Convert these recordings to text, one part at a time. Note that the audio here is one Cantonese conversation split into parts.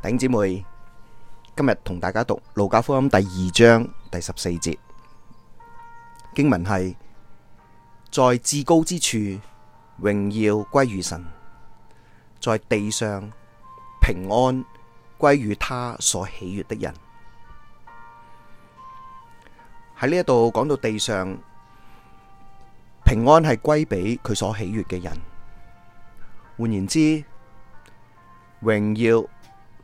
弟兄姊妹，今日同大家讀《路加福音》第二章第十四節。經文係：在至高之處，榮耀歸於神；在地上，平安歸於他所喜悅的人。喺呢一度講到地上平安係歸畀佢所喜悅嘅人，換言之，榮耀。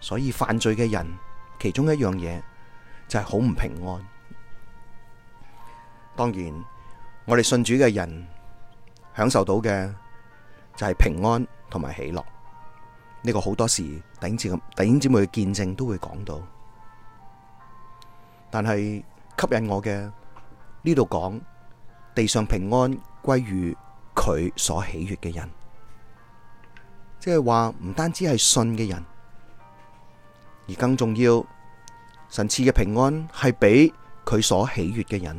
所以犯罪嘅人，其中一樣嘢就係好唔平安。當然，我哋信主嘅人享受到嘅就係、是、平安同埋喜樂。呢、這個好多時弟兄姊妹、弟兄姊妹嘅見證都會講到。但係吸引我嘅呢度講，地上平安歸於佢所喜悅嘅人，即係話唔單止係信嘅人。而更重要，神賜嘅平安係俾佢所喜悦嘅人。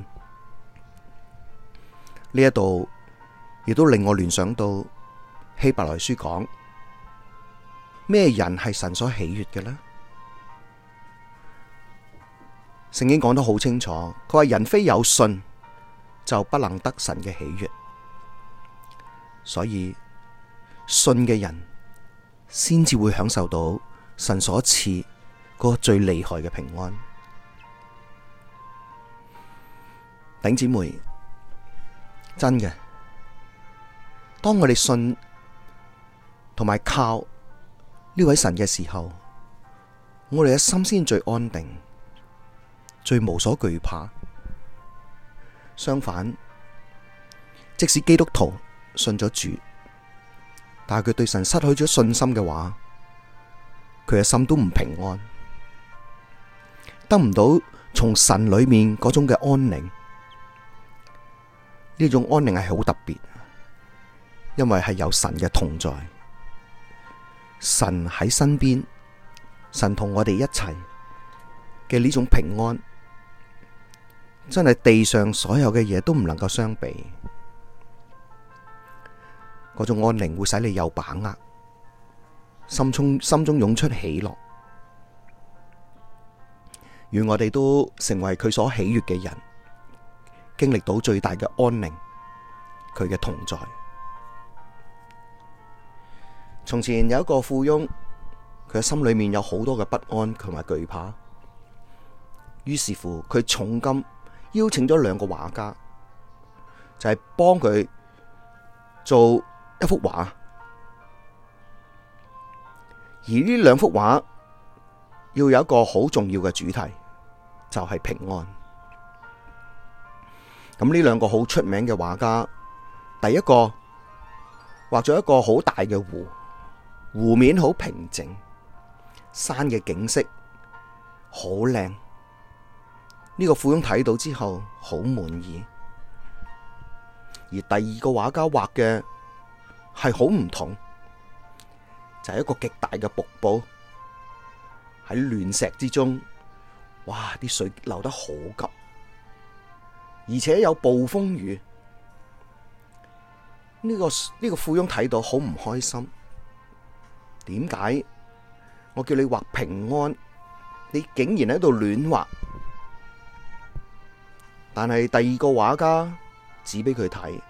呢一度亦都令我聯想到希伯來書講咩人係神所喜悦嘅呢？聖經講得好清楚，佢話人非有信就不能得神嘅喜悦，所以信嘅人先至會享受到神所賜。個最厲害嘅平安，頂姊妹，真嘅。當我哋信同埋靠呢位神嘅時候，我哋嘅心先最安定，最無所懼怕。相反，即使基督徒信咗主，但係佢對神失去咗信心嘅話，佢嘅心都唔平安。得唔到從神裏面嗰種嘅安寧，呢種安寧係好特別，因為係有神嘅同在，神喺身邊，神同我哋一齊嘅呢種平安，真係地上所有嘅嘢都唔能夠相比。嗰種安寧會使你有把握，心中心中湧出喜樂。願我哋都成為佢所喜悦嘅人，經歷到最大嘅安寧，佢嘅同在。從前有一個富翁，佢嘅心裏面有好多嘅不安同埋懼怕，於是乎佢重金邀請咗兩個畫家，就係幫佢做一幅畫。而呢兩幅畫。要有一個好重要嘅主題，就係平安。咁呢兩個好出名嘅畫家，第一個畫咗一個好大嘅湖，湖面好平靜，山嘅景色好靚。呢個富翁睇到之後好滿意。而第二個畫家畫嘅係好唔同，就係一個極大嘅瀑布。喺亂石之中，哇！啲水流得好急，而且有暴風雨。呢、這個呢、這個富翁睇到好唔開心。點解？我叫你畫平安，你竟然喺度亂畫？但係第二個畫家指俾佢睇，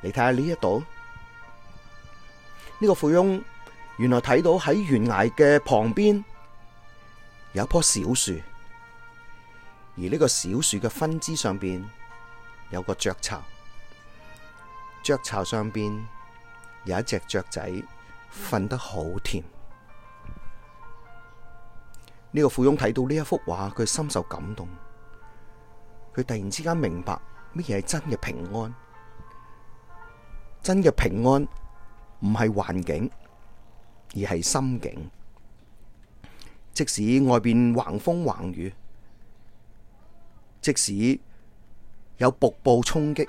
你睇下呢一度，呢、這個富翁。原來睇到喺懸崖嘅旁邊有一棵小樹，而呢個小樹嘅分支上邊有個雀巢，雀巢上邊有一隻雀仔瞓得好甜。呢個富翁睇到呢一幅畫，佢深受感動，佢突然之間明白乜嘢係真嘅平安，真嘅平安唔係環境。而係心境，即使外邊橫風橫雨，即使有瀑布衝擊，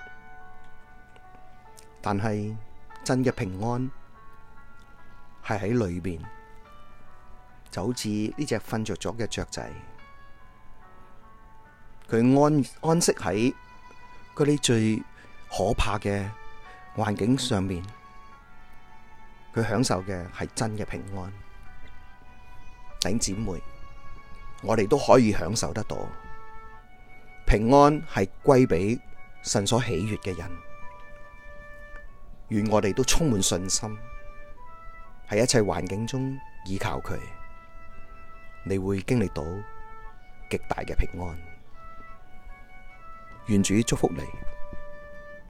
但係真嘅平安係喺裏邊。就好似呢隻瞓着咗嘅雀仔，佢安安息喺嗰啲最可怕嘅環境上面。佢享受嘅係真嘅平安，弟兄姊妹，我哋都可以享受得到平安，係歸俾神所喜悅嘅人。願我哋都充滿信心，喺一切環境中依靠佢，你會經歷到極大嘅平安。願主祝福你。